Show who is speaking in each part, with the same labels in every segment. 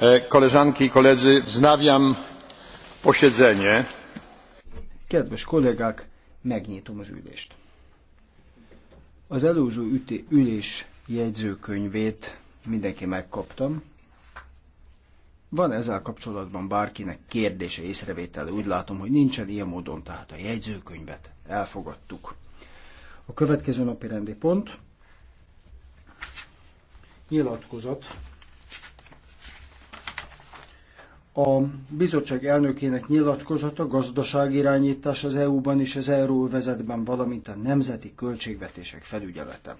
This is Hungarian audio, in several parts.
Speaker 1: E, koleżanki i koledzy, wznawiam posiedzenie.
Speaker 2: Kedves kollégák, megnyitom az ülést. Az előző üti, ülés jegyzőkönyvét mindenki megkaptam. Van ezzel kapcsolatban bárkinek kérdése, észrevétele? Úgy látom, hogy nincsen ilyen módon, tehát a jegyzőkönyvet elfogadtuk. A következő napi rendi pont nyilatkozat a bizottság elnökének nyilatkozata gazdaságirányítás az EU-ban és az euróvezetben, valamint a nemzeti költségvetések felügyelete.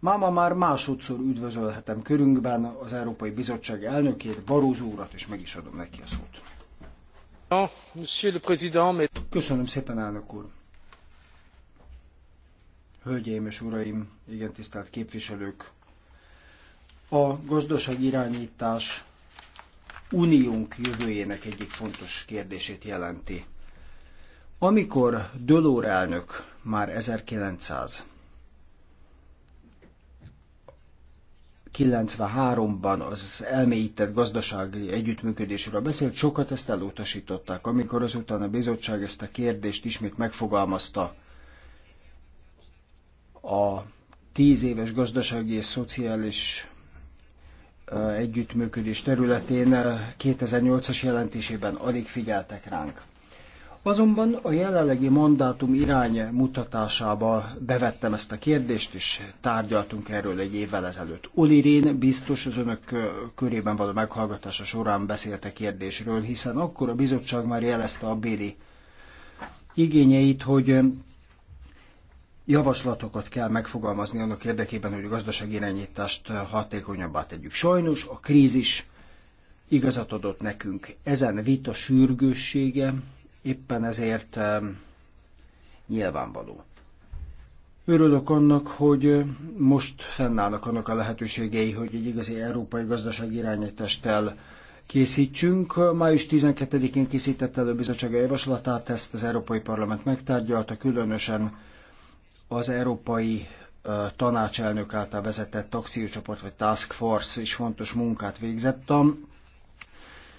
Speaker 2: Máma már másodszor üdvözölhetem körünkben az Európai Bizottság elnökét, Barózó urat, és meg is adom neki a szót. Köszönöm szépen, elnök úr! Hölgyeim és uraim, igen tisztelt képviselők! A gazdasági irányítás uniónk jövőjének egyik fontos kérdését jelenti. Amikor Dölór elnök már 1993 ban az elmélyített gazdasági együttműködésről beszélt, sokat ezt elutasították. Amikor azután a bizottság ezt a kérdést ismét megfogalmazta, a tíz éves gazdasági és szociális együttműködés területén 2008-as jelentésében alig figyeltek ránk. Azonban a jelenlegi mandátum irány mutatásába bevettem ezt a kérdést, és tárgyaltunk erről egy évvel ezelőtt. Oli Rén biztos az önök körében való meghallgatása során beszélt a kérdésről, hiszen akkor a bizottság már jelezte a Béli igényeit, hogy javaslatokat kell megfogalmazni annak érdekében, hogy a gazdaság irányítást hatékonyabbá tegyük. Sajnos a krízis igazat adott nekünk. Ezen vita sürgőssége éppen ezért nyilvánvaló. Örülök annak, hogy most fennállnak annak a lehetőségei, hogy egy igazi európai gazdaság irányítást el készítsünk. Május 12-én készített elő bizottsága javaslatát, ezt az Európai Parlament megtárgyalta, különösen az Európai tanácselnök által vezetett taxiócsoport vagy task force is fontos munkát végzett. A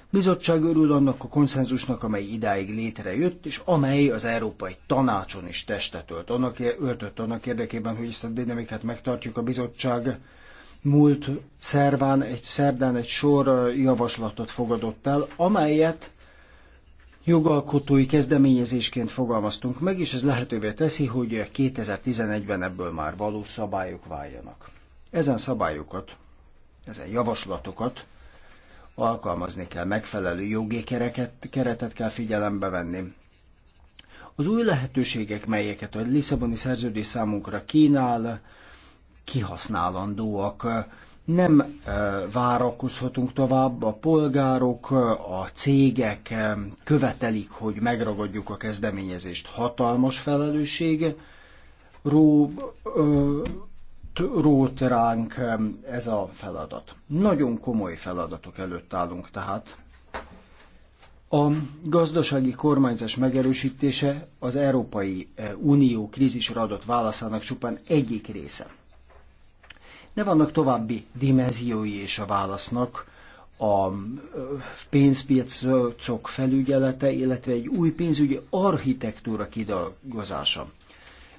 Speaker 2: bizottság örül annak a konszenzusnak, amely idáig létrejött, és amely az Európai Tanácson is testet ölt. Annak, öltött annak érdekében, hogy ezt a dinamikát megtartjuk a bizottság múlt szerván, egy szerdán egy sor javaslatot fogadott el, amelyet jogalkotói kezdeményezésként fogalmaztunk meg, és ez lehetővé teszi, hogy 2011-ben ebből már valós szabályok váljanak. Ezen szabályokat, ezen javaslatokat alkalmazni kell, megfelelő jogi kereket, keretet kell figyelembe venni. Az új lehetőségek, melyeket a Lisszaboni szerződés számunkra kínál, kihasználandóak. Nem eh, várakozhatunk tovább, a polgárok, eh, a cégek eh, követelik, hogy megragadjuk a kezdeményezést. Hatalmas felelősség ró, rót ránk ez a feladat. Nagyon komoly feladatok előtt állunk tehát. A gazdasági kormányzás megerősítése az Európai Unió krízisre adott válaszának csupán egyik része. De vannak további dimenziói is a válasznak, a pénzpiacok felügyelete, illetve egy új pénzügyi architektúra kidolgozása.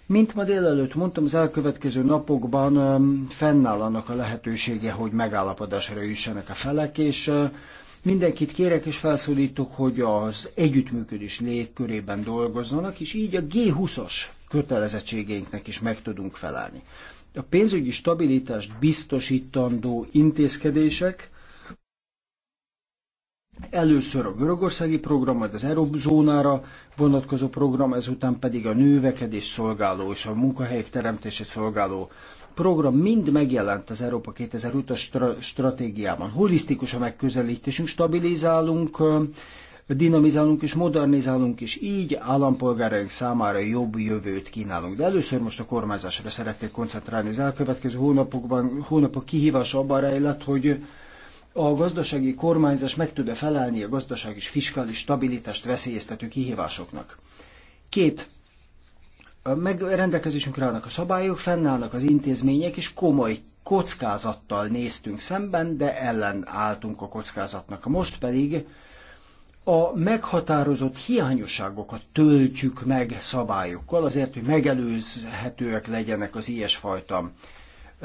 Speaker 2: Mint ma délelőtt mondtam, az elkövetkező napokban fennáll annak a lehetősége, hogy megállapodásra jussanak a felek, és mindenkit kérek és felszólítok, hogy az együttműködés légkörében dolgozzanak, és így a G20-as kötelezettségeinknek is meg tudunk felelni a pénzügyi stabilitást biztosítandó intézkedések először a görögországi program, majd az Eurózónára vonatkozó program, ezután pedig a növekedés szolgáló és a munkahelyek teremtését szolgáló program mind megjelent az Európa 2020-as stratégiában. Holisztikus a megközelítésünk, stabilizálunk, dinamizálunk és modernizálunk, és így állampolgáraink számára jobb jövőt kínálunk. De először most a kormányzásra szeretnék koncentrálni. Az elkövetkező hónapokban, hónapok kihívása abban rejlett, hogy a gazdasági kormányzás meg tud-e felelni a gazdaság és fiskális stabilitást veszélyeztető kihívásoknak. Két A rendelkezésünkre állnak a szabályok, fennállnak az intézmények, és komoly kockázattal néztünk szemben, de ellen álltunk a kockázatnak. Most pedig a meghatározott hiányosságokat töltjük meg szabályokkal, azért, hogy megelőzhetőek legyenek az ilyesfajta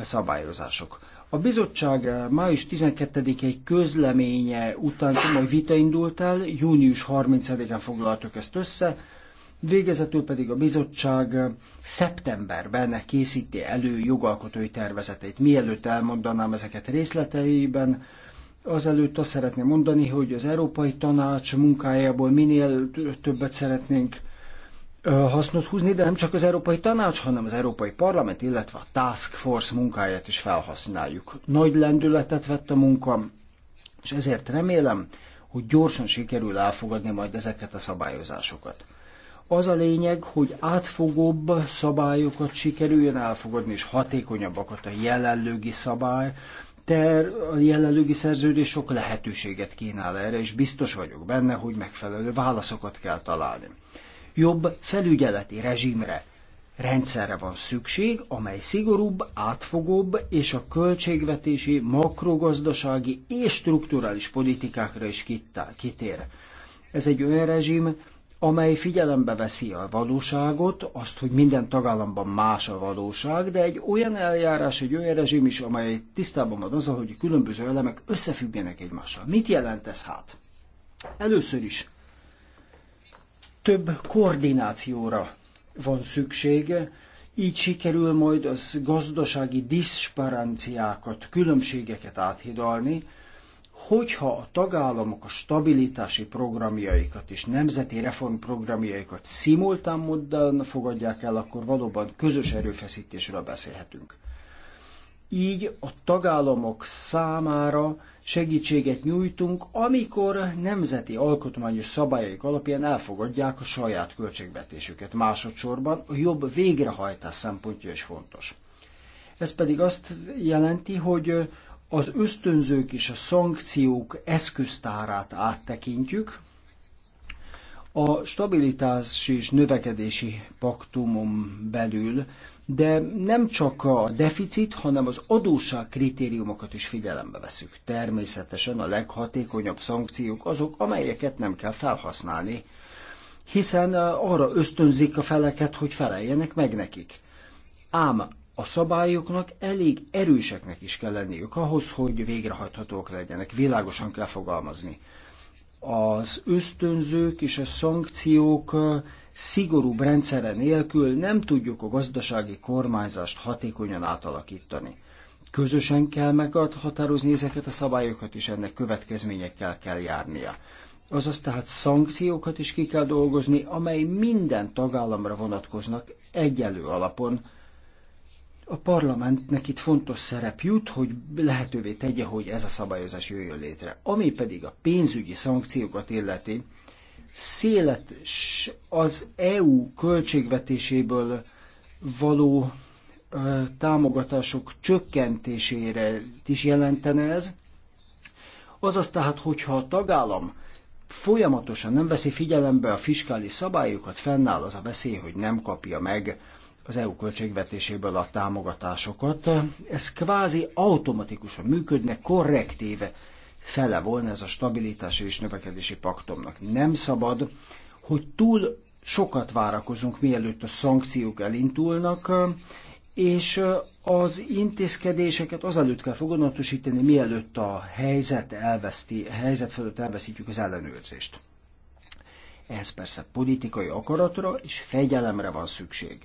Speaker 2: szabályozások. A bizottság május 12-i közleménye után komoly vita indult el, június 30 en foglaltuk ezt össze, végezetül pedig a bizottság szeptemberben készíti elő jogalkotói tervezetét. Mielőtt elmondanám ezeket részleteiben, Azelőtt azt szeretném mondani, hogy az Európai Tanács munkájából minél többet szeretnénk hasznot húzni, de nem csak az Európai Tanács, hanem az Európai Parlament, illetve a Task Force munkáját is felhasználjuk. Nagy lendületet vett a munka, és ezért remélem, hogy gyorsan sikerül elfogadni majd ezeket a szabályozásokat. Az a lényeg, hogy átfogóbb szabályokat sikerüljön elfogadni, és hatékonyabbakat a jelenlőgi szabály, ter, a jelenlegi szerződés sok lehetőséget kínál erre, és biztos vagyok benne, hogy megfelelő válaszokat kell találni. Jobb felügyeleti rezsimre, rendszerre van szükség, amely szigorúbb, átfogóbb és a költségvetési, makrogazdasági és strukturális politikákra is kitér. Ez egy olyan rezsim, amely figyelembe veszi a valóságot, azt, hogy minden tagállamban más a valóság, de egy olyan eljárás, egy olyan rezsim is, amely tisztában van azzal, hogy a különböző elemek összefüggenek egymással. Mit jelent ez hát? Először is több koordinációra van szükség, így sikerül majd az gazdasági diszparanciákat, különbségeket áthidalni, hogyha a tagállamok a stabilitási programjaikat és nemzeti reformprogramjaikat szimultán módon fogadják el, akkor valóban közös erőfeszítésről beszélhetünk. Így a tagállamok számára segítséget nyújtunk, amikor nemzeti alkotmányos szabályaik alapján elfogadják a saját költségvetésüket. Másodszorban a jobb végrehajtás szempontja is fontos. Ez pedig azt jelenti, hogy az ösztönzők és a szankciók eszköztárát áttekintjük. A stabilitás és növekedési paktumon belül, de nem csak a deficit, hanem az adósság kritériumokat is figyelembe veszük. Természetesen a leghatékonyabb szankciók azok, amelyeket nem kell felhasználni, hiszen eh, arra ösztönzik a feleket, hogy feleljenek meg nekik. Ám a szabályoknak elég erőseknek is kell lenniük ahhoz, hogy végrehajthatók legyenek. Világosan kell fogalmazni. Az ösztönzők és a szankciók szigorú rendszere nélkül nem tudjuk a gazdasági kormányzást hatékonyan átalakítani. Közösen kell meghatározni ezeket a szabályokat, és ennek következményekkel kell járnia. Azaz tehát szankciókat is ki kell dolgozni, amely minden tagállamra vonatkoznak egyelő alapon, a parlamentnek itt fontos szerep jut, hogy lehetővé tegye, hogy ez a szabályozás jöjjön létre. Ami pedig a pénzügyi szankciókat illeti, szélet az EU költségvetéséből való ö, támogatások csökkentésére is jelentene ez. Azaz tehát, hogyha a tagállam folyamatosan nem veszi figyelembe a fiskális szabályokat, fennáll az a veszély, hogy nem kapja meg az EU költségvetéséből a támogatásokat. Ez kvázi automatikusan működne, korrektíve fele volna ez a stabilitási és növekedési paktumnak. Nem szabad, hogy túl sokat várakozunk, mielőtt a szankciók elindulnak, és az intézkedéseket azelőtt kell foganatosítani, mielőtt a helyzet, elveszti, a helyzet fölött elveszítjük az ellenőrzést. Ehhez persze politikai akaratra és fegyelemre van szükség.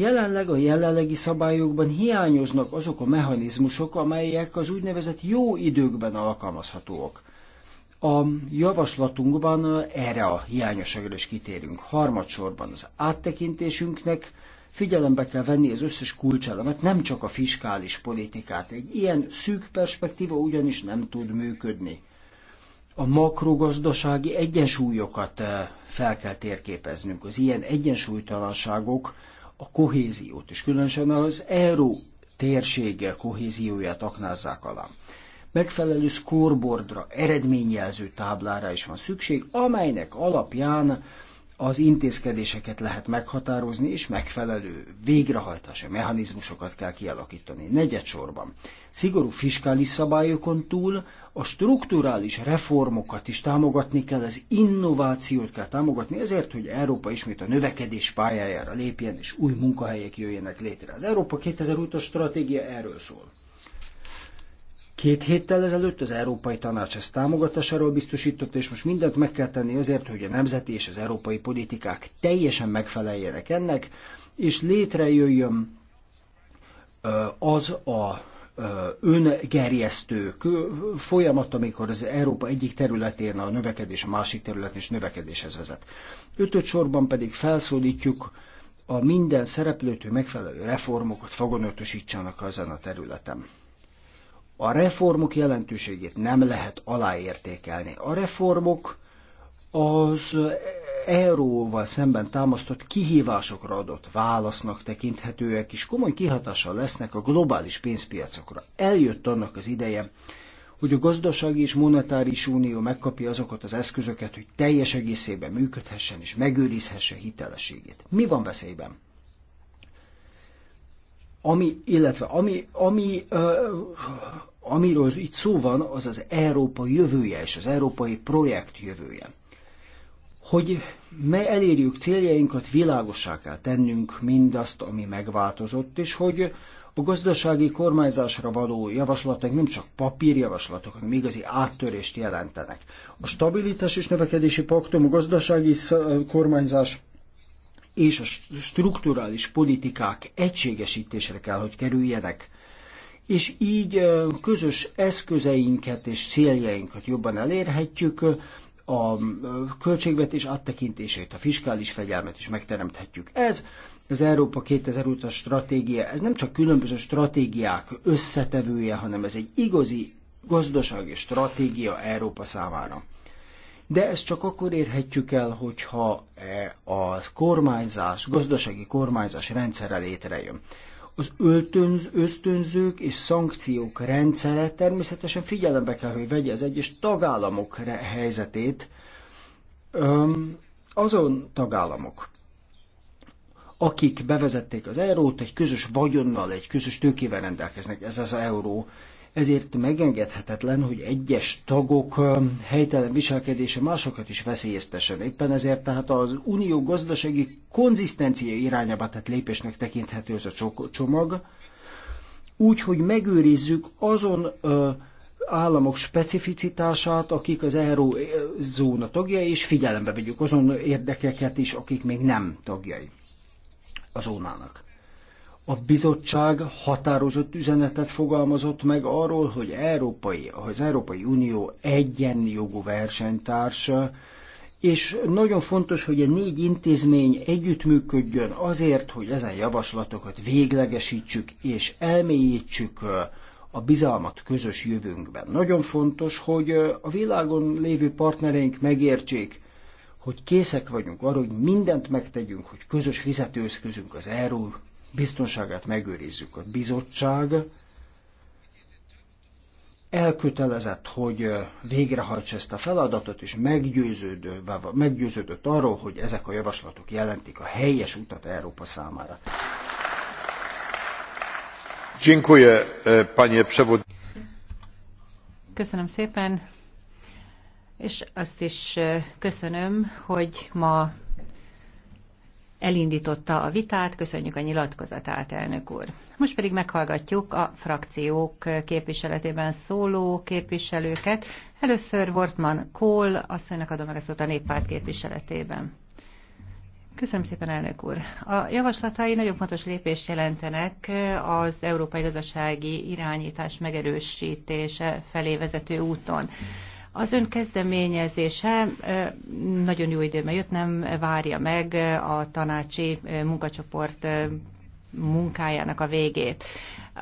Speaker 2: Jelenleg a jelenlegi szabályokban hiányoznak azok a mechanizmusok, amelyek az úgynevezett jó időkben alkalmazhatóak. A javaslatunkban erre a hiányosságra is kitérünk. Harmadsorban az áttekintésünknek figyelembe kell venni az összes kulcselemet, nem csak a fiskális politikát. Egy ilyen szűk perspektíva ugyanis nem tud működni. A makrogazdasági egyensúlyokat eh, fel kell térképeznünk. Az ilyen egyensúlytalanságok a kohéziót, és különösen az euró térséggel kohézióját aknázzák alá. Megfelelő scoreboardra, eredményjelző táblára is van szükség, amelynek alapján az intézkedéseket lehet meghatározni, és megfelelő végrehajtási mechanizmusokat kell kialakítani. sorban, szigorú fiskális szabályokon túl a strukturális reformokat is támogatni kell, az innovációt kell támogatni, ezért, hogy Európa ismét a növekedés pályájára lépjen, és új munkahelyek jöjjenek létre. Az Európa 2020-as stratégia erről szól. Két héttel ezelőtt az Európai Tanács ezt támogatásáról biztosított, és most mindent meg kell tenni azért, hogy a nemzeti és az európai politikák teljesen megfeleljenek ennek, és létrejöjjön az a öngerjesztő folyamat, amikor az Európa egyik területén a növekedés, a másik területen is növekedéshez vezet. Ötöt sorban pedig felszólítjuk a minden szereplőtől megfelelő reformokat foganatosítsanak ezen a területen. A reformok jelentőségét nem lehet aláértékelni. A reformok az euróval szemben támasztott kihívásokra adott válasznak tekinthetőek, és komoly kihatással lesznek a globális pénzpiacokra. Eljött annak az ideje, hogy a gazdasági és monetáris unió megkapja azokat az eszközöket, hogy teljes egészében működhessen és megőrizhesse hitelességét. Mi van veszélyben? ami, illetve ami, ami uh, amiről itt szó van, az az Európa jövője és az európai projekt jövője. Hogy me elérjük céljainkat, világossá kell tennünk mindazt, ami megváltozott, és hogy a gazdasági kormányzásra való javaslatok nem csak papírjavaslatok, hanem igazi áttörést jelentenek. A stabilitás és növekedési paktum, a gazdasági kormányzás és a strukturális politikák egységesítésre kell, hogy kerüljenek, és így közös eszközeinket és céljainkat jobban elérhetjük, a költségvetés áttekintését, a fiskális fegyelmet is megteremthetjük. Ez az Európa 2020-as stratégia, ez nem csak különböző stratégiák összetevője, hanem ez egy igazi gazdasági stratégia Európa számára de ezt csak akkor érhetjük el, hogyha e, a kormányzás, gazdasági kormányzás rendszere létrejön. Az öltönz, ösztönzők és szankciók rendszere természetesen figyelembe kell, hogy vegye az egyes tagállamok helyzetét, azon tagállamok, akik bevezették az eurót, egy közös vagyonnal, egy közös tőkével rendelkeznek, ez az euró, ezért megengedhetetlen, hogy egyes tagok helytelen viselkedése másokat is veszélyeztessen. Éppen ezért tehát az unió gazdasági konzisztencia irányába tett lépésnek tekinthető ez a csomag, úgy, hogy megőrizzük azon államok specificitását, akik az eurózóna tagjai, és figyelembe vegyük azon érdekeket is, akik még nem tagjai a zónának. A bizottság határozott üzenetet fogalmazott meg arról, hogy európai, az Európai Unió egyenjogú versenytársa, és nagyon fontos, hogy a négy intézmény együttműködjön azért, hogy ezen javaslatokat véglegesítsük és elmélyítsük a bizalmat közös jövőnkben. Nagyon fontos, hogy a világon lévő partnereink megértsék, hogy készek vagyunk arra, hogy mindent megtegyünk, hogy közös fizetőeszközünk az euró biztonságát megőrizzük. A bizottság elkötelezett, hogy végrehajtsa ezt a feladatot, és meggyőződő, meggyőződött arról, hogy ezek a javaslatok jelentik a helyes utat Európa számára.
Speaker 1: E,
Speaker 3: köszönöm szépen, és azt is e, köszönöm, hogy ma elindította a vitát. Köszönjük a nyilatkozatát, elnök úr. Most pedig meghallgatjuk a frakciók képviseletében szóló képviselőket. Először Wortman Kohl, asszonynak adom meg a szót a néppárt képviseletében. Köszönöm szépen, elnök úr. A javaslatai nagyon fontos lépést jelentenek az európai gazdasági irányítás megerősítése felé vezető úton. Az ön kezdeményezése nagyon jó időben jött, nem várja meg a tanácsi munkacsoport munkájának a végét.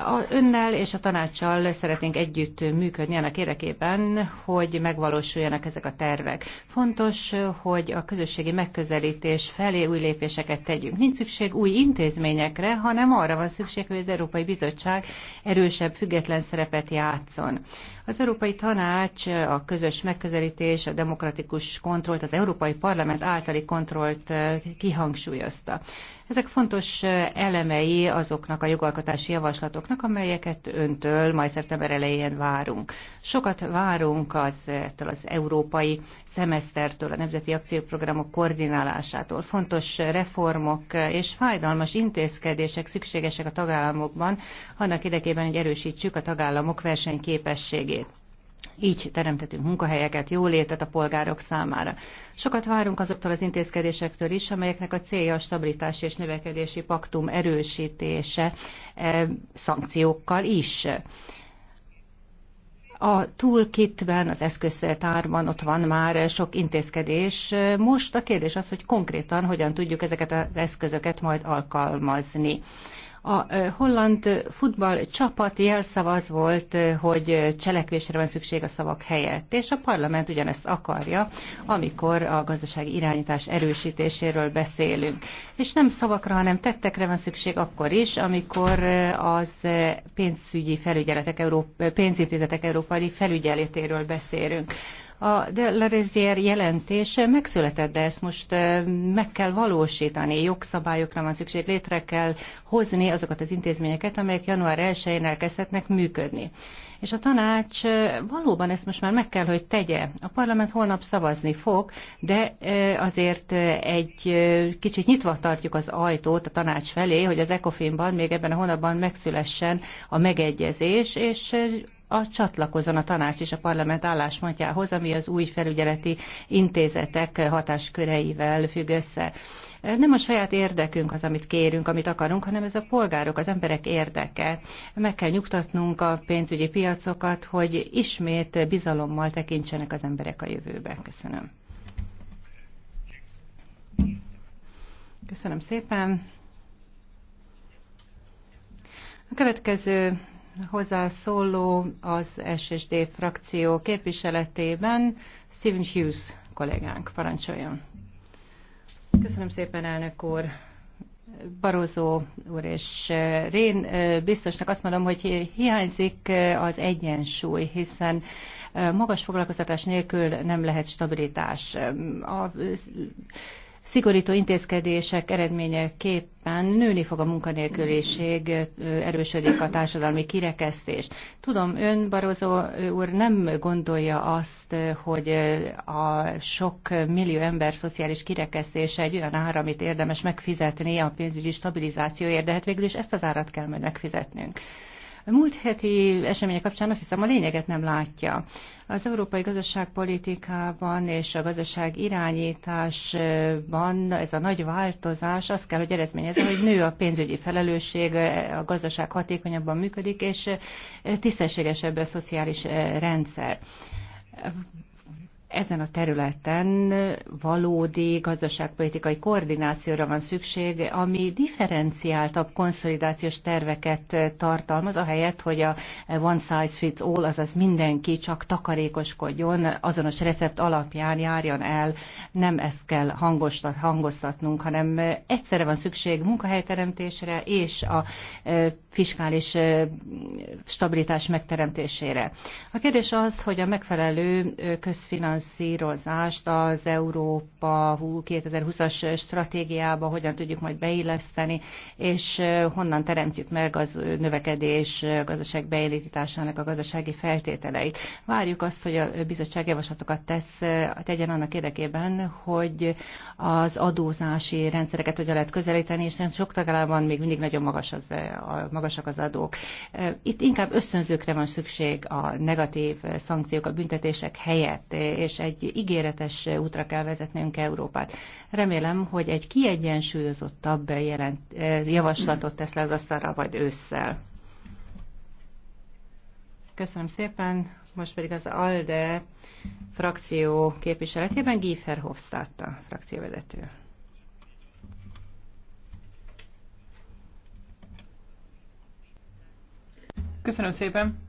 Speaker 3: A önnel és a tanácssal szeretnénk együtt működni annak érdekében, hogy megvalósuljanak ezek a tervek. Fontos, hogy a közösségi megközelítés felé új lépéseket tegyünk. Nincs szükség új intézményekre, hanem arra van szükség, hogy az Európai Bizottság erősebb, független szerepet játszon. Az Európai Tanács a közös megközelítés, a demokratikus kontrollt, az Európai Parlament általi kontrollt kihangsúlyozta. Ezek fontos elemei azoknak a jogalkotási javaslatoknak, amelyeket öntől majd szeptember elején várunk. Sokat várunk az, ettől az európai szemesztertől, a nemzeti akcióprogramok koordinálásától. Fontos reformok és fájdalmas intézkedések szükségesek a tagállamokban, annak érdekében, hogy erősítsük a tagállamok versenyképességét. Így teremtetünk munkahelyeket, jólétet a polgárok számára. Sokat várunk azoktól az intézkedésektől is, amelyeknek a célja a stabilitás és növekedési paktum erősítése e, szankciókkal is. A túlkitben, az eszközszertárban ott van már sok intézkedés. Most a kérdés az, hogy konkrétan hogyan tudjuk ezeket az eszközöket majd alkalmazni. A holland futball csapat jelszavaz volt, hogy cselekvésre van szükség a szavak helyett, és a parlament ugyanezt akarja, amikor a gazdasági irányítás erősítéséről beszélünk. És nem szavakra, hanem tettekre van szükség akkor is, amikor az pénzügyi felügyeletek, Európa, pénzintézetek európai felügyeletéről beszélünk. A de la Rosière jelentése megszületett, de ezt most meg kell valósítani, jogszabályokra van szükség, létre kell hozni azokat az intézményeket, amelyek január 1-én elkezdhetnek működni. És a tanács valóban ezt most már meg kell, hogy tegye. A parlament holnap szavazni fog, de azért egy kicsit nyitva tartjuk az ajtót a tanács felé, hogy az ECOFIN-ban még ebben a hónapban megszülessen a megegyezés, és a csatlakozon a tanács és a parlament álláspontjához, ami az új felügyeleti intézetek hatásköreivel függ össze. Nem a saját érdekünk az, amit kérünk, amit akarunk, hanem ez a polgárok, az emberek érdeke. Meg kell nyugtatnunk a pénzügyi piacokat, hogy ismét bizalommal tekintsenek az emberek a jövőbe. Köszönöm. Köszönöm szépen. A következő hozzászóló az SSD frakció képviseletében Stephen Hughes kollégánk. Parancsoljon! Köszönöm szépen, elnök úr! Barozó úr és eh, Rén eh, biztosnak azt mondom, hogy hiányzik eh, az egyensúly, hiszen magas foglalkoztatás nélkül nem lehet stabilitás. A szigorító intézkedések eredményeképpen nőni fog a munkanélküliség, erősödik a társadalmi kirekesztés. Tudom, ön, Barozó úr, nem gondolja azt, hogy a sok millió ember szociális kirekesztése egy olyan ár, amit érdemes megfizetni a pénzügyi stabilizációért, de hát végül is ezt az árat kell majd megfizetnünk múlt heti események kapcsán azt hiszem a lényeget nem látja. Az európai gazdaságpolitikában és a gazdaság irányításban ez a nagy változás azt kell, hogy eredményezze, hogy nő a pénzügyi felelősség, a gazdaság hatékonyabban működik, és tisztességesebb a szociális rendszer ezen a területen valódi gazdaságpolitikai koordinációra van szükség, ami differenciáltabb konszolidációs terveket tartalmaz, ahelyett, hogy a one size fits all, azaz mindenki csak takarékoskodjon, azonos recept alapján járjon el. Nem ezt kell hangoztatnunk, hanem egyszerre van szükség munkahelyteremtésre és a e, fiskális e, stabilitás megteremtésére. A kérdés az, hogy a megfelelő e, közfinansz finanszírozást az Európa 2020-as stratégiába hogyan tudjuk majd beilleszteni, és honnan teremtjük meg az növekedés gazdaság beindításának a gazdasági feltételeit. Várjuk azt, hogy a bizottság javaslatokat tesz, tegyen annak érdekében, hogy az adózási rendszereket hogyan lehet közelíteni, és nem sok tagállamban még mindig nagyon magas az, a magasak az adók. Itt inkább ösztönzőkre van szükség a negatív szankciók, a büntetések helyett, és egy ígéretes útra kell vezetnünk Európát. Remélem, hogy egy kiegyensúlyozottabb jelent, eh, javaslatot tesz le az asztalra vagy ősszel. Köszönöm szépen. Most pedig az ALDE frakció képviseletében Giefer Hofstadt a
Speaker 1: frakcióvezető. Köszönöm szépen.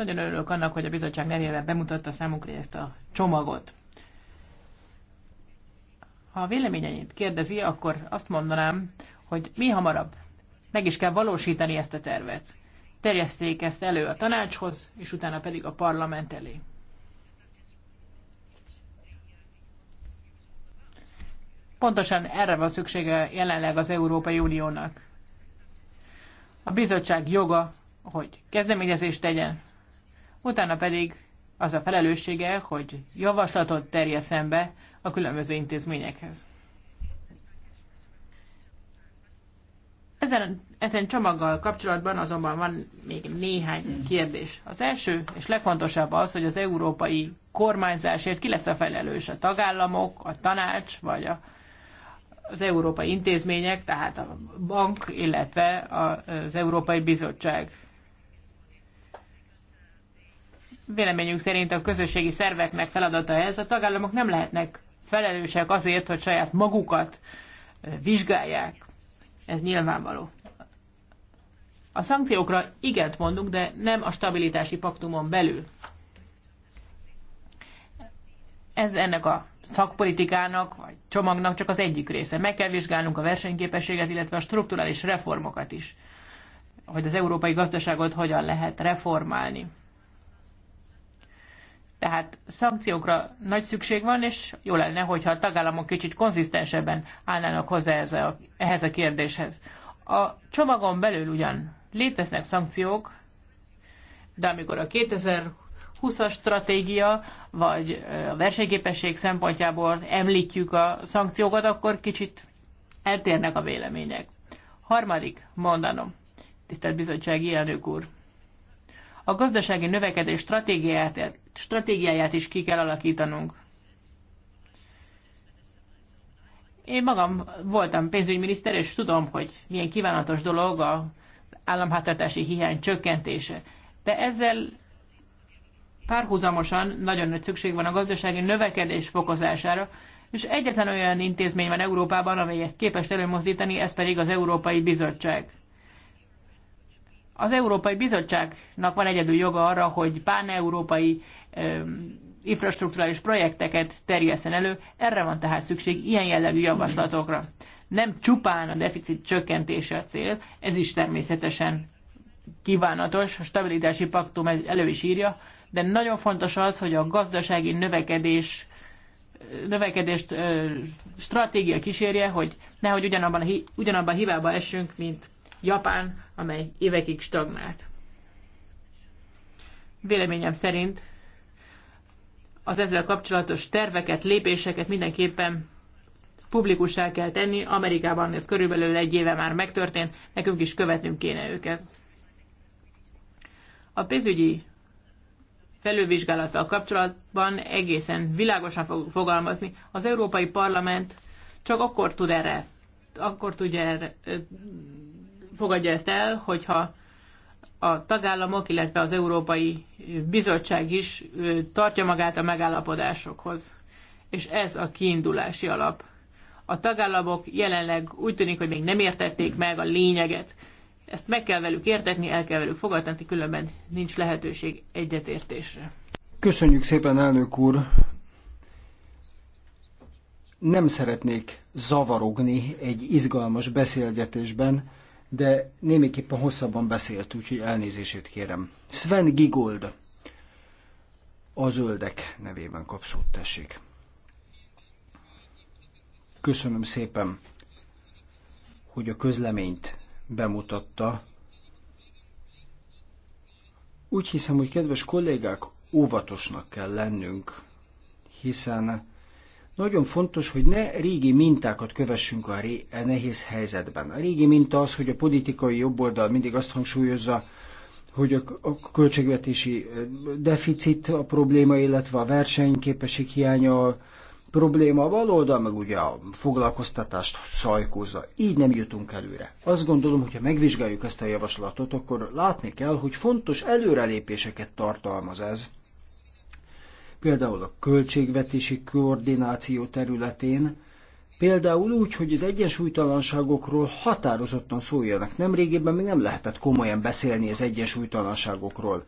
Speaker 1: Nagyon örülök annak, hogy a bizottság nevében bemutatta számunkra ezt a csomagot. Ha a véleményeit kérdezi, akkor azt mondanám, hogy mi hamarabb meg is kell valósítani ezt a tervet. Terjeszték ezt elő a tanácshoz, és utána pedig a parlament elé. Pontosan erre van szüksége jelenleg az Európai Uniónak. A bizottság joga, hogy kezdeményezést tegyen, utána pedig az a felelőssége, hogy javaslatot terjeszen be a különböző intézményekhez. Ezen, ezen csomaggal kapcsolatban azonban van még néhány kérdés. Az első és legfontosabb az, hogy az európai kormányzásért ki lesz a felelős a tagállamok, a tanács vagy a, az európai intézmények, tehát a bank, illetve az Európai Bizottság. Véleményünk szerint a közösségi szerveknek feladata ez, a tagállamok nem lehetnek felelősek azért, hogy saját magukat vizsgálják. Ez nyilvánvaló. A szankciókra igent mondunk, de nem a stabilitási paktumon belül. Ez ennek a szakpolitikának vagy csomagnak csak az egyik része. Meg kell vizsgálnunk a versenyképességet, illetve a strukturális reformokat is, hogy az európai gazdaságot hogyan lehet reformálni. Tehát szankciókra nagy szükség van, és jó lenne, hogyha a tagállamok kicsit konzisztensebben állnának hozzá ehhez a kérdéshez. A csomagon belül ugyan léteznek szankciók, de amikor a 2020-as stratégia vagy a versenyképesség szempontjából említjük a szankciókat, akkor kicsit eltérnek a vélemények. Harmadik mondanom, tisztelt bizottsági elnök úr, a gazdasági növekedés stratégiáját, stratégiáját is ki kell alakítanunk. Én magam voltam pénzügyminiszter, és tudom, hogy milyen kívánatos dolog a államháztartási hiány csökkentése. De ezzel párhuzamosan nagyon nagy szükség van a gazdasági növekedés fokozására, és egyetlen olyan intézmény van Európában, amely ezt képes előmozdítani, ez pedig az Európai Bizottság. Az Európai Bizottságnak van egyedül joga arra, hogy pán-európai infrastruktúrális projekteket terjeszen elő, erre van tehát szükség ilyen jellegű javaslatokra. Nem csupán a deficit csökkentése a cél, ez is természetesen kívánatos, a stabilitási paktum elő is írja, de nagyon fontos az, hogy a gazdasági növekedés növekedést stratégia kísérje, hogy nehogy ugyanabban, ugyanabban a hibába essünk, mint Japán, amely évekig stagnált. Véleményem szerint az ezzel kapcsolatos terveket, lépéseket mindenképpen publikussá kell tenni. Amerikában ez körülbelül egy éve már megtörtént, nekünk is követnünk kéne őket. A pénzügyi felülvizsgálattal kapcsolatban egészen világosan fog fogalmazni. Az Európai Parlament csak akkor tud erre, akkor tudja erre, fogadja ezt el, hogyha a tagállamok, illetve az Európai Bizottság is tartja magát a megállapodásokhoz. És ez a kiindulási alap. A tagállamok jelenleg úgy tűnik, hogy még nem értették meg a lényeget. Ezt meg kell velük értetni, el kell velük fogadni, különben nincs lehetőség egyetértésre.
Speaker 2: Köszönjük szépen, elnök úr! Nem szeretnék zavarogni egy izgalmas beszélgetésben, de némiképpen hosszabban beszélt, úgyhogy elnézését kérem. Sven Gigold, a zöldek nevében kap szót, tessék. Köszönöm szépen, hogy a közleményt bemutatta. Úgy hiszem, hogy kedves kollégák, óvatosnak kell lennünk, hiszen nagyon fontos, hogy ne régi mintákat kövessünk a, ré, a nehéz helyzetben. A régi minta az, hogy a politikai jobboldal mindig azt hangsúlyozza, hogy a költségvetési deficit a probléma, illetve a versenyképesség hiánya a probléma, a baloldal meg ugye a foglalkoztatást szajkózza. Így nem jutunk előre. Azt gondolom, hogyha megvizsgáljuk ezt a javaslatot, akkor látni kell, hogy fontos előrelépéseket tartalmaz ez például a költségvetési koordináció területén, Például úgy, hogy az egyensúlytalanságokról határozottan szóljanak. Nemrégében még nem lehetett komolyan beszélni az egyensúlytalanságokról.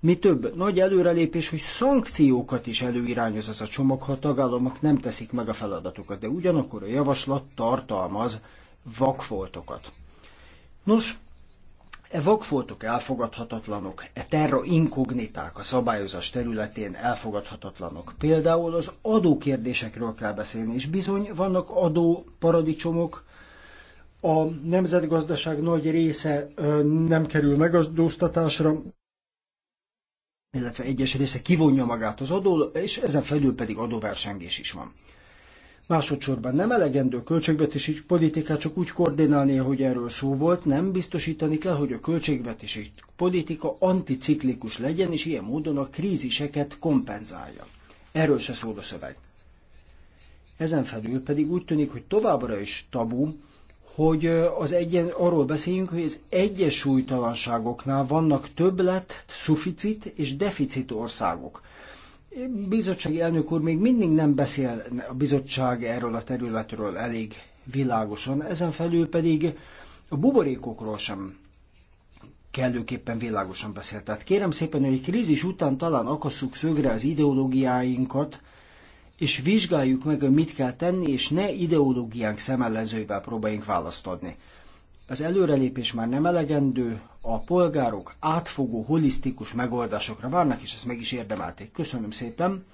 Speaker 2: Mi több, nagy előrelépés, hogy szankciókat is előirányoz ez a csomag, ha a tagállamok nem teszik meg a feladatukat, de ugyanakkor a javaslat tartalmaz vakfoltokat. Nos, E vakfoltok elfogadhatatlanok, e terra inkogniták a szabályozás területén elfogadhatatlanok. Például az adókérdésekről kell beszélni, és bizony vannak adó paradicsomok, a nemzetgazdaság nagy része nem kerül megadóztatásra, illetve egyes része kivonja magát az adó, és ezen felül pedig adóversengés is van. Másodszorban nem elegendő a költségvetési politikát csak úgy koordinálni, hogy erről szó volt, nem biztosítani kell, hogy a költségvetési politika anticiklikus legyen, és ilyen módon a kríziseket kompenzálja. Erről se szól a szöveg. Ezen felül pedig úgy tűnik, hogy továbbra is tabu, hogy az egyen, arról beszéljünk, hogy az súlytalanságoknál vannak többlet, szuficit és deficit országok bizottsági elnök úr még mindig nem beszél a bizottság erről a területről elég világosan, ezen felül pedig a buborékokról sem kellőképpen világosan beszélt. Tehát kérem szépen, hogy egy krízis után talán akasszuk szögre az ideológiáinkat, és vizsgáljuk meg, hogy mit kell tenni, és ne ideológiánk szemellenzőivel próbáljunk választ adni. Az előrelépés már nem elegendő, a polgárok átfogó, holisztikus megoldásokra várnak, és ezt meg is érdemelték. Köszönöm szépen.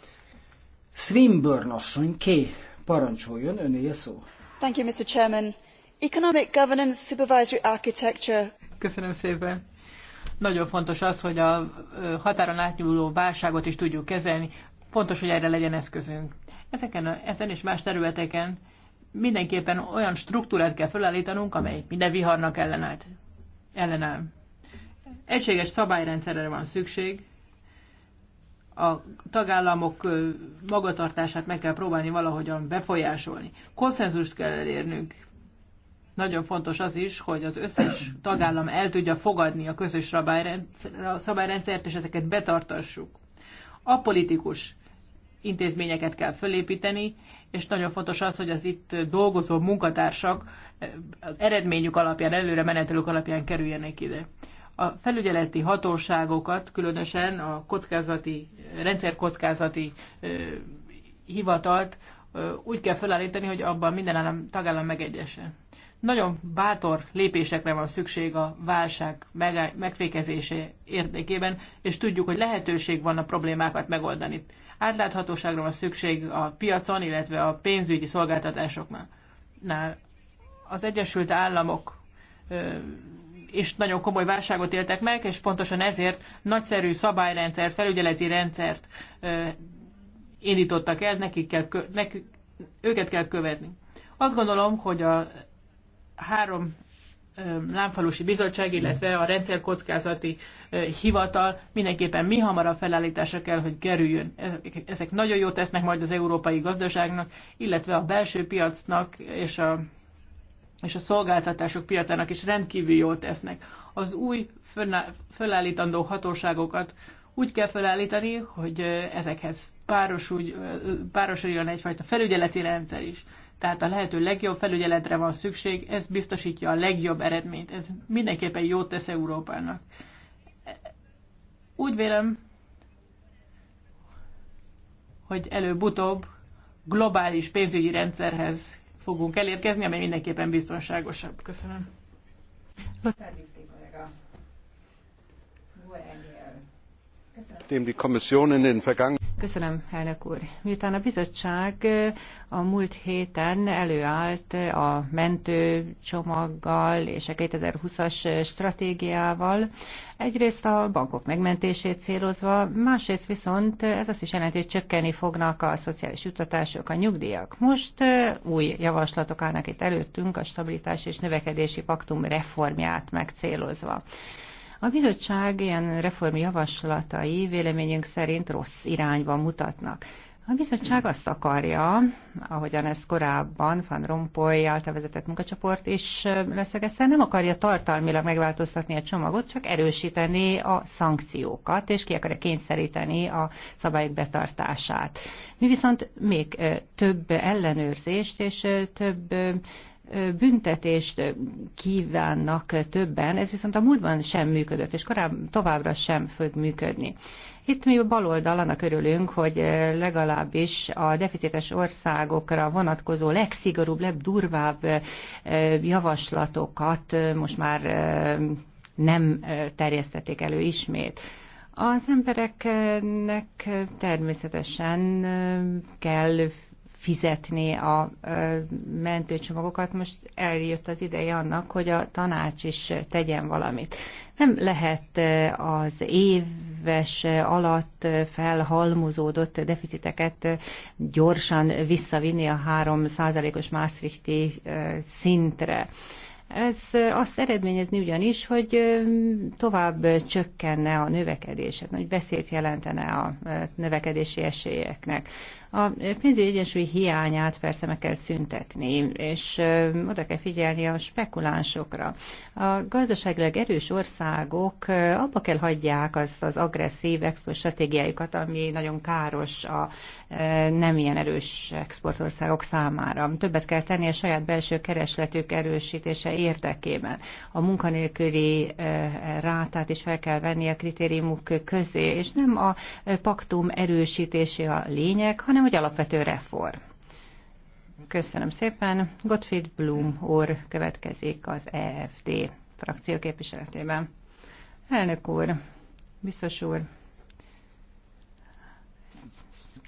Speaker 2: Swinburne asszony, ké, parancsoljon, öné a szó. Thank you, Mr. Chairman. Economic Governance Supervisory Architecture. Köszönöm szépen.
Speaker 1: Nagyon fontos az, hogy a határon átnyúló válságot is tudjuk kezelni. Fontos, hogy erre legyen eszközünk. Ezeken a, ezen és más területeken mindenképpen olyan struktúrát kell felállítanunk, amely minden viharnak ellenállt. ellenáll. Egységes szabályrendszerre van szükség, a tagállamok magatartását meg kell próbálni valahogyan befolyásolni. Konszenzust kell elérnünk. Nagyon fontos az is, hogy az összes tagállam el tudja fogadni a közös szabályrendszert, és ezeket betartassuk. A politikus intézményeket kell fölépíteni, és nagyon fontos az, hogy az itt dolgozó munkatársak eh, az eredményük alapján, előre menetelők alapján kerüljenek ide. A felügyeleti hatóságokat, különösen a kockázati, rendszerkockázati eh, hivatalt eh, úgy kell felállítani, hogy abban minden állam, tagállam megegyese. Nagyon bátor lépésekre van szükség a válság megfékezése érdekében, és tudjuk, hogy lehetőség van a problémákat megoldani. Átláthatóságra van szükség a piacon, illetve a pénzügyi szolgáltatásoknál. Az Egyesült Államok és nagyon komoly válságot éltek meg, és pontosan ezért nagyszerű szabályrendszert, felügyeleti rendszert indítottak el, nekik kell, nekik, őket kell követni. Azt gondolom, hogy a három Lámfalusi Bizottság, illetve a rendszerkockázati hivatal mindenképpen mi hamarabb felállításra kell, hogy kerüljön. Ezek nagyon jót tesznek majd az európai gazdaságnak, illetve a belső piacnak és a, és a szolgáltatások piacának is rendkívül jót tesznek. Az új felállítandó hatóságokat úgy kell felállítani, hogy ezekhez párosuljon egyfajta felügyeleti rendszer is tehát a lehető legjobb felügyeletre van szükség, ez biztosítja a legjobb eredményt. Ez mindenképpen jót tesz Európának. Úgy vélem, hogy előbb-utóbb globális pénzügyi rendszerhez fogunk elérkezni, amely mindenképpen biztonságosabb. Köszönöm.
Speaker 3: Köszönöm. Köszönöm, elnök úr. Miután a bizottság a múlt héten előállt a mentőcsomaggal és a 2020-as stratégiával, egyrészt a bankok megmentését célozva, másrészt viszont ez azt is jelenti, hogy csökkenni fognak a szociális jutatások, a nyugdíjak. Most új javaslatok állnak itt előttünk a stabilitás és növekedési paktum reformját megcélozva. A bizottság ilyen javaslatai véleményünk szerint rossz irányba mutatnak. A bizottság azt akarja, ahogyan ez korábban Van Rompuy által vezetett munkacsoport is leszögezte, nem akarja tartalmilag megváltoztatni a csomagot, csak erősíteni a szankciókat, és ki akarja kényszeríteni a szabályok betartását. Mi viszont még több ellenőrzést és több büntetést kívánnak többen, ez viszont a múltban sem működött, és korábban továbbra sem fog működni. Itt mi a baloldal annak örülünk, hogy legalábbis a deficites országokra vonatkozó legszigorúbb, legdurvább eh, javaslatokat eh, most már eh, nem terjesztették elő ismét. Az embereknek természetesen kell fizetni a mentőcsomagokat. Most eljött az ideje annak, hogy a tanács is tegyen valamit. Nem lehet az éves alatt felhalmozódott deficiteket gyorsan visszavinni a 3 os Maastrichti szintre. Ez azt eredményezni ugyanis, hogy tovább csökkenne a növekedés, nagy hát, beszélt jelentene a növekedési esélyeknek. A pénzügyi egyensúly hiányát persze meg kell szüntetni, és oda kell figyelni a spekulánsokra. A gazdaságilag erős országok abba kell hagyják azt az agresszív export stratégiájukat, ami nagyon káros a nem ilyen erős exportországok számára. Többet kell tenni a saját belső keresletük erősítése érdekében. A munkanélküli rátát is fel kell venni a kritériumok közé, és nem a paktum erősítése a lényeg, hanem hogy alapvető reform. Köszönöm szépen. Gottfried Blum úr következik az EFD frakció képviseletében. Elnök úr, biztos úr,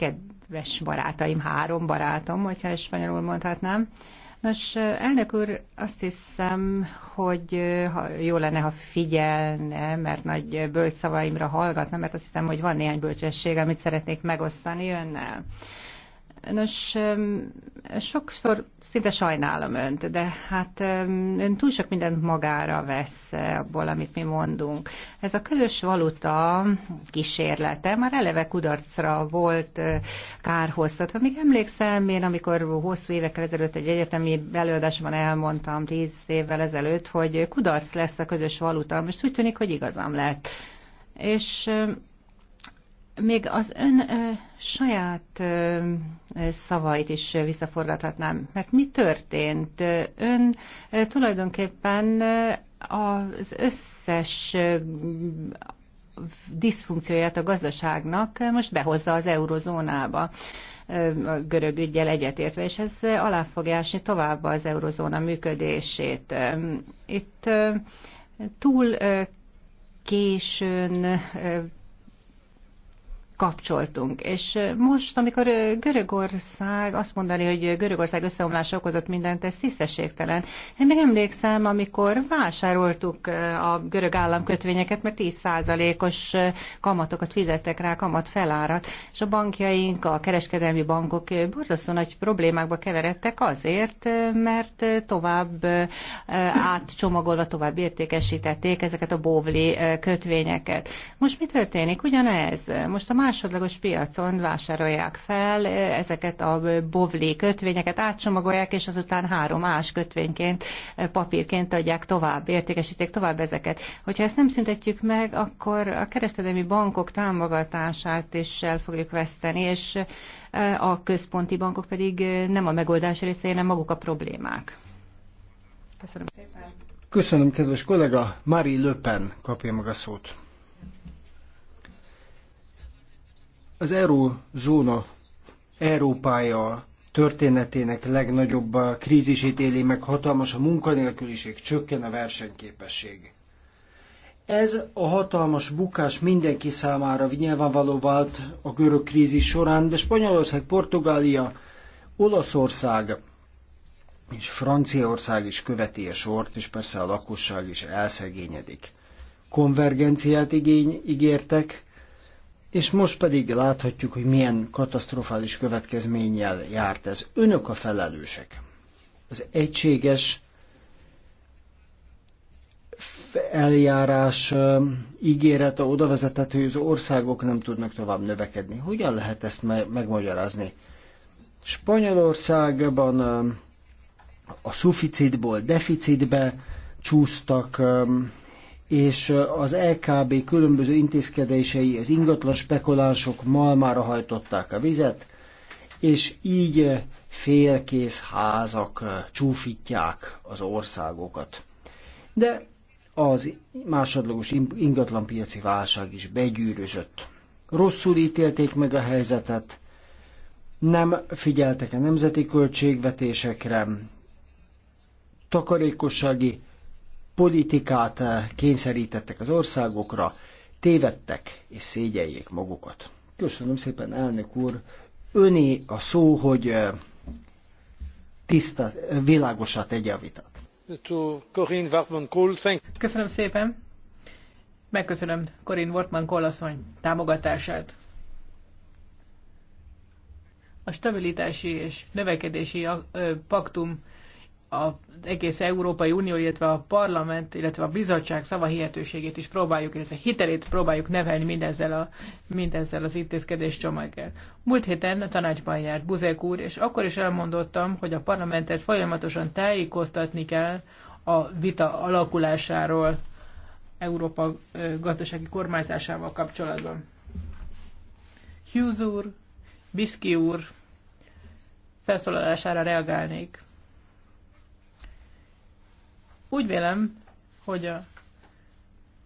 Speaker 3: kedves barátaim, három barátom, hogyha spanyolul mondhatnám. Nos, elnök úr, azt hiszem, hogy ha jó lenne, ha figyelne, mert nagy bölcs szavaimra hallgatna, mert azt hiszem, hogy van néhány bölcsesség, amit szeretnék megosztani önnel. Nos, sokszor szinte sajnálom önt, de hát ön túl sok mindent magára vesz abból, amit mi mondunk. Ez a közös valuta kísérlete már eleve kudarcra volt eh, kárhoztatva. Még emlékszem én, amikor hosszú évekkel ezelőtt egy egyetemi előadásban elmondtam, tíz évvel ezelőtt, hogy kudarc lesz a közös valuta. Most úgy tűnik, hogy igazam lett. És még az ön ö, saját ö, szavait is visszaforgathatnám, mert mi történt? Ön ö, tulajdonképpen az összes diszfunkcióját a gazdaságnak most behozza az eurozónába a görög ügyjel egyetértve, és ez alá fogja tovább az eurozóna működését. Itt túl későn kapcsoltunk. És most, amikor Görögország, azt mondani, hogy Görögország összeomlása okozott mindent, ez tisztességtelen. Én még emlékszem, amikor vásároltuk a görög államkötvényeket, mert 10%-os kamatokat fizettek rá, kamat felárat, és a bankjaink, a kereskedelmi bankok borzasztó nagy problémákba keveredtek azért, mert tovább átcsomagolva, tovább értékesítették ezeket a bóvli kötvényeket. Most mi történik? Ugyanez. Most a másodlagos piacon vásárolják fel e, ezeket a bovli kötvényeket, átcsomagolják, és azután három ás kötvényként, e, papírként adják tovább, értékesítik tovább ezeket. Hogyha ezt nem szüntetjük meg, akkor a kereskedelmi bankok támogatását is el fogjuk veszteni, és e, a központi bankok pedig nem a megoldás része, hanem maguk a problémák. Köszönöm szépen.
Speaker 2: Köszönöm, kedves kollega. Mari Löpen kapja meg a szót. Az eurózóna Európája történetének legnagyobb krízisét éli meg, hatalmas a munkanélküliség, csökken a versenyképesség. Ez a hatalmas bukás mindenki számára nyilvánvaló vált a görög krízis során, de Spanyolország, Portugália, Olaszország és Franciaország is követi a sort, és persze a lakosság is elszegényedik. Konvergenciát igény ígértek, és most pedig láthatjuk, hogy milyen katasztrofális következménnyel járt ez. Önök a felelősek. Az egységes eljárás ígérete oda vezetett, hogy az országok nem tudnak tovább növekedni. Hogyan lehet ezt megmagyarázni? Spanyolországban a szuficitból deficitbe csúsztak, és az LKB különböző intézkedései az ingatlan spekulánsok malmára hajtották a vizet, és így félkész házak csúfítják az országokat. De az másodlagos ingatlanpiaci válság is begyűrözött. Rosszul ítélték meg a helyzetet, nem figyeltek a nemzeti költségvetésekre, takarékossági politikát eh, kényszerítettek az országokra, tévedtek és szégyeljék magukat. Köszönöm szépen, elnök úr. Öné a szó, hogy eh, tiszta, eh, világosat tegye a vitat. Köszönöm
Speaker 1: szépen. Megköszönöm Corinne Wortman Kollasszony támogatását. A stabilitási és növekedési paktum az egész Európai Unió, illetve a parlament, illetve a bizottság szavahihetőségét is próbáljuk, illetve hitelét próbáljuk nevelni mindezzel, a, mindezzel az intézkedés csomaggal. Múlt héten a tanácsban járt Buzek úr, és akkor is elmondottam, hogy a parlamentet folyamatosan tájékoztatni kell a vita alakulásáról Európa gazdasági kormányzásával kapcsolatban. Hughes úr, Biszki úr felszólalására reagálnék. Úgy vélem, hogy a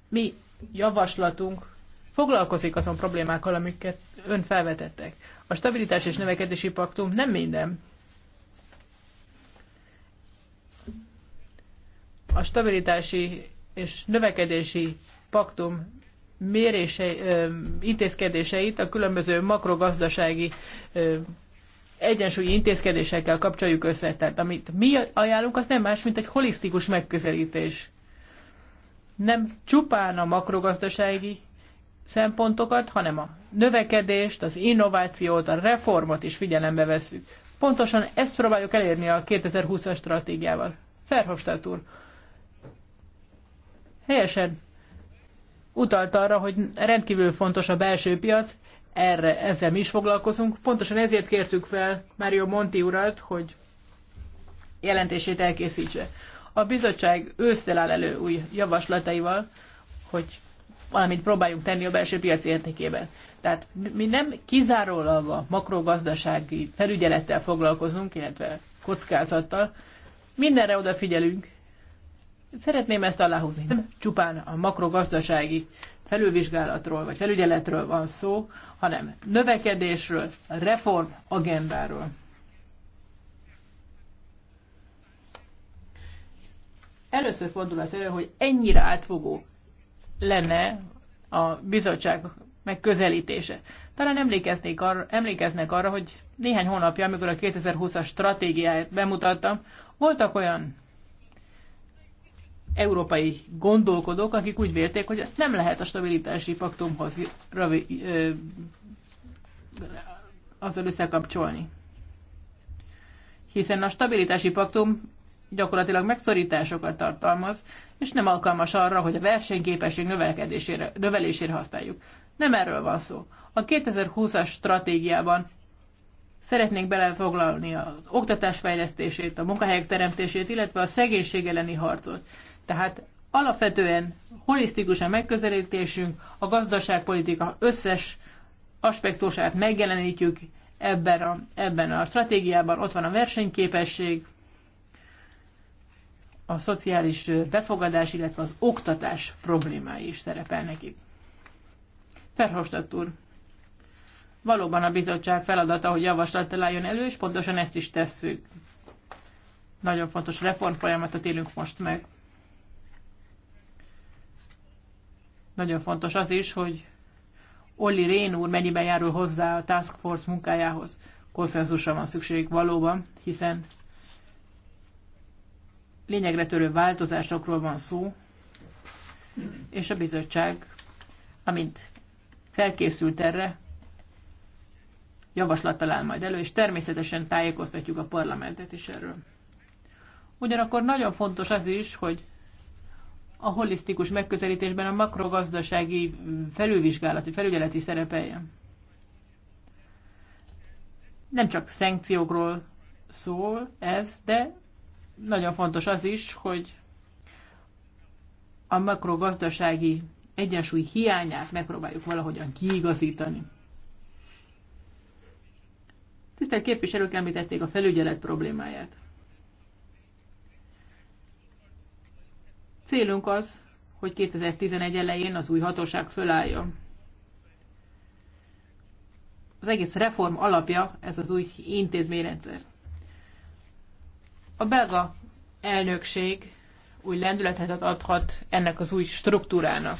Speaker 1: mi javaslatunk foglalkozik azon problémákkal, amiket ön felvetettek. A stabilitás és növekedési paktum nem minden. A stabilitási és növekedési paktum mérése, intézkedéseit a különböző makrogazdasági ö, egyensúlyi intézkedésekkel kapcsoljuk össze. Tehát amit mi ajánlunk, az nem más, mint egy holisztikus megközelítés. Nem csupán a makrogazdasági szempontokat, hanem a növekedést, az innovációt, a reformot is figyelembe vesszük. Pontosan ezt próbáljuk elérni a 2020-as stratégiával. Ferhofstadt úr, helyesen utalt arra, hogy rendkívül fontos a belső piac, erre, ezzel mi is foglalkozunk. Pontosan ezért kértük fel Mário Monti urat, hogy jelentését elkészítse. A bizottság ősszel áll elő új javaslataival, hogy valamit próbáljunk tenni a belső piac értékében. Tehát mi nem kizárólag a makrogazdasági felügyelettel foglalkozunk, illetve kockázattal, mindenre odafigyelünk, Szeretném ezt aláhúzni. Nem csupán a makrogazdasági felülvizsgálatról vagy felügyeletről van szó, hanem növekedésről, reform agendáról. Először fordul az elő, hogy ennyire átfogó lenne a bizottság megközelítése. Talán emlékeznék arra, emlékeznek arra, hogy néhány hónapja, amikor a 2020-as stratégiáját bemutattam, voltak olyan európai gondolkodók, akik úgy vélték, hogy ezt nem lehet a stabilitási paktumhoz az ö, azzal összekapcsolni. Hiszen a stabilitási paktum gyakorlatilag megszorításokat tartalmaz, és nem alkalmas arra, hogy a versenyképesség növelkedésére, növelésére használjuk. Nem erről van szó. A 2020-as stratégiában szeretnénk belefoglalni az oktatás fejlesztését, a munkahelyek teremtését, illetve a szegénység elleni harcot. Tehát alapvetően holisztikus a megközelítésünk, a gazdaságpolitika összes aspektusát megjelenítjük ebben a, ebben a stratégiában. Ott van a versenyképesség, a szociális befogadás, illetve az oktatás problémái is szerepelnek itt. Ferhofstadt úr, valóban a bizottság feladata, hogy javaslat találjon elő, és pontosan ezt is tesszük. Nagyon fontos reformfolyamatot élünk most meg. Nagyon fontos az is, hogy Olli Rén úr mennyiben járul hozzá a Task Force munkájához. Konszenzusra van szükség valóban, hiszen lényegre törő változásokról van szó, és a bizottság, amint felkészült erre, javaslat talál majd elő, és természetesen tájékoztatjuk a parlamentet is erről. Ugyanakkor nagyon fontos az is, hogy a holisztikus megközelítésben a makrogazdasági felülvizsgálati, felügyeleti szerepeje. Nem csak szankciókról szól ez, de nagyon fontos az is, hogy a makrogazdasági egyensúly hiányát megpróbáljuk valahogyan kiigazítani. Tisztelt képviselők említették a felügyelet problémáját. Célunk az, hogy 2011 elején az új hatóság fölálljon. Az egész reform alapja ez az új intézményrendszer. A belga elnökség új lendületet adhat ennek az új struktúrának.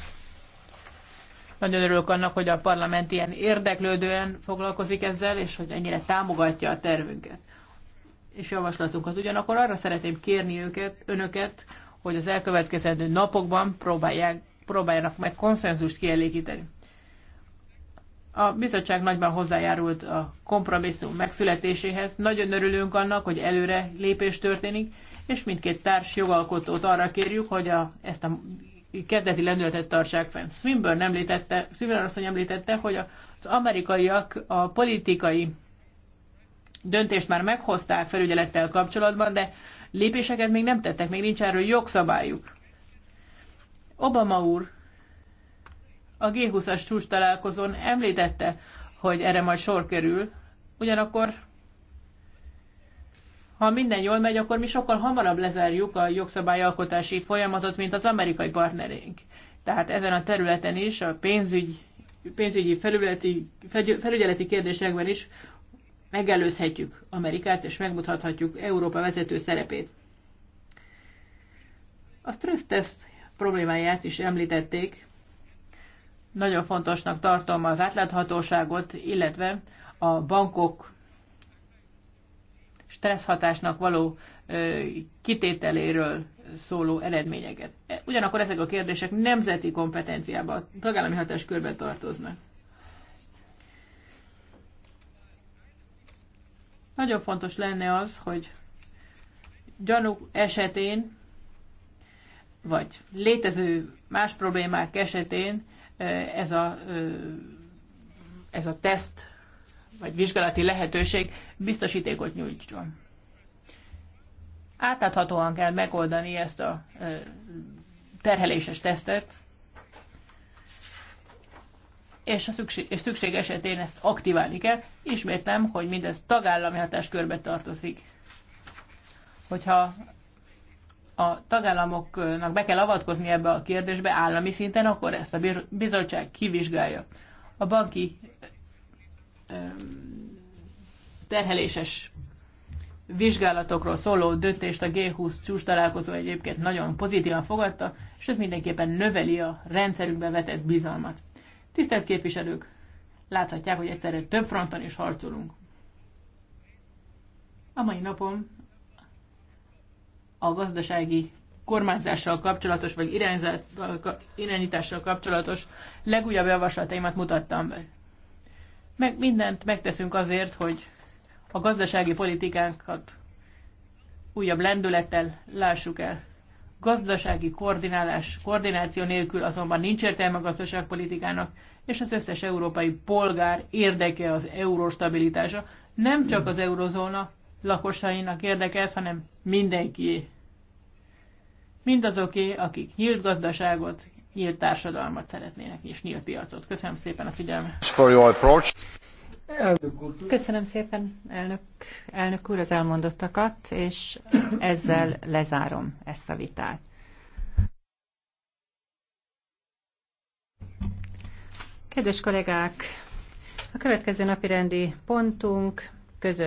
Speaker 1: Nagyon örülök annak, hogy a parlament ilyen érdeklődően foglalkozik ezzel, és hogy ennyire támogatja a tervünket és javaslatunkat. Ugyanakkor arra szeretném kérni őket, önöket, hogy az elkövetkezendő napokban próbálják, próbáljanak meg konszenzust kielégíteni. A bizottság nagyban hozzájárult a kompromisszum megszületéséhez. Nagyon örülünk annak, hogy előre lépés történik, és mindkét társ jogalkotót arra kérjük, hogy a, ezt a kezdeti lendületet tartsák fenn. Swinburne említette, Swinburne asszony említette, hogy az amerikaiak a politikai döntést már meghozták felügyelettel kapcsolatban, de lépéseket még nem tettek, még nincs erről jogszabályuk. Obama úr a G20-as csúcs találkozón említette, hogy erre majd sor kerül, ugyanakkor ha minden jól megy, akkor mi sokkal hamarabb lezárjuk a jogszabályalkotási folyamatot, mint az amerikai partnerénk. Tehát ezen a területen is, a pénzügy, pénzügyi felügyeleti, kérdésekben is megelőzhetjük Amerikát, és megmutathatjuk Európa vezető szerepét. A stressz test problémáját is említették. Nagyon fontosnak tartom az átláthatóságot, illetve a bankok stressz hatásnak való kitételéről szóló eredményeket. E, ugyanakkor ezek a kérdések nemzeti kompetenciába, tagállami hatáskörbe tartoznak. Nagyon fontos lenne az, hogy gyanú esetén, vagy létező más problémák esetén ez a, ez a teszt, vagy vizsgálati lehetőség biztosítékot nyújtson. Átláthatóan kell megoldani ezt a terheléses tesztet, és, a szükség, és szükség esetén ezt aktiválni kell. Ismétlem, hogy mindez tagállami hatáskörbe tartozik. Hogyha a tagállamoknak be kell avatkozni ebbe a kérdésbe állami szinten, akkor ezt a bizottság kivizsgálja. A banki terheléses vizsgálatokról szóló döntést a G20 csúcs találkozó egyébként nagyon pozitívan fogadta, és ez mindenképpen növeli a rendszerükbe vetett bizalmat. Tisztelt képviselők, láthatják, hogy egyszerre több fronton is harcolunk. A mai napon a gazdasági kormányzással kapcsolatos, vagy irányítással kapcsolatos legújabb javaslataimat mutattam be. Meg mindent megteszünk azért, hogy a gazdasági politikánkat újabb lendülettel lássuk el gazdasági koordinálás, koordináció nélkül azonban nincs értelme a gazdaságpolitikának, és az összes európai polgár érdeke az euró stabilitása. Nem csak az eurozóna lakosainak érdeke ez, hanem mindenkié. Mindazoké, akik nyílt gazdaságot, nyílt társadalmat szeretnének, és nyílt piacot. Köszönöm szépen a figyelmet.
Speaker 3: Köszönöm szépen, elnök, elnök úr, az elmondottakat, és ezzel lezárom ezt a vitát. Kedves kollégák, a következő napi rendi pontunk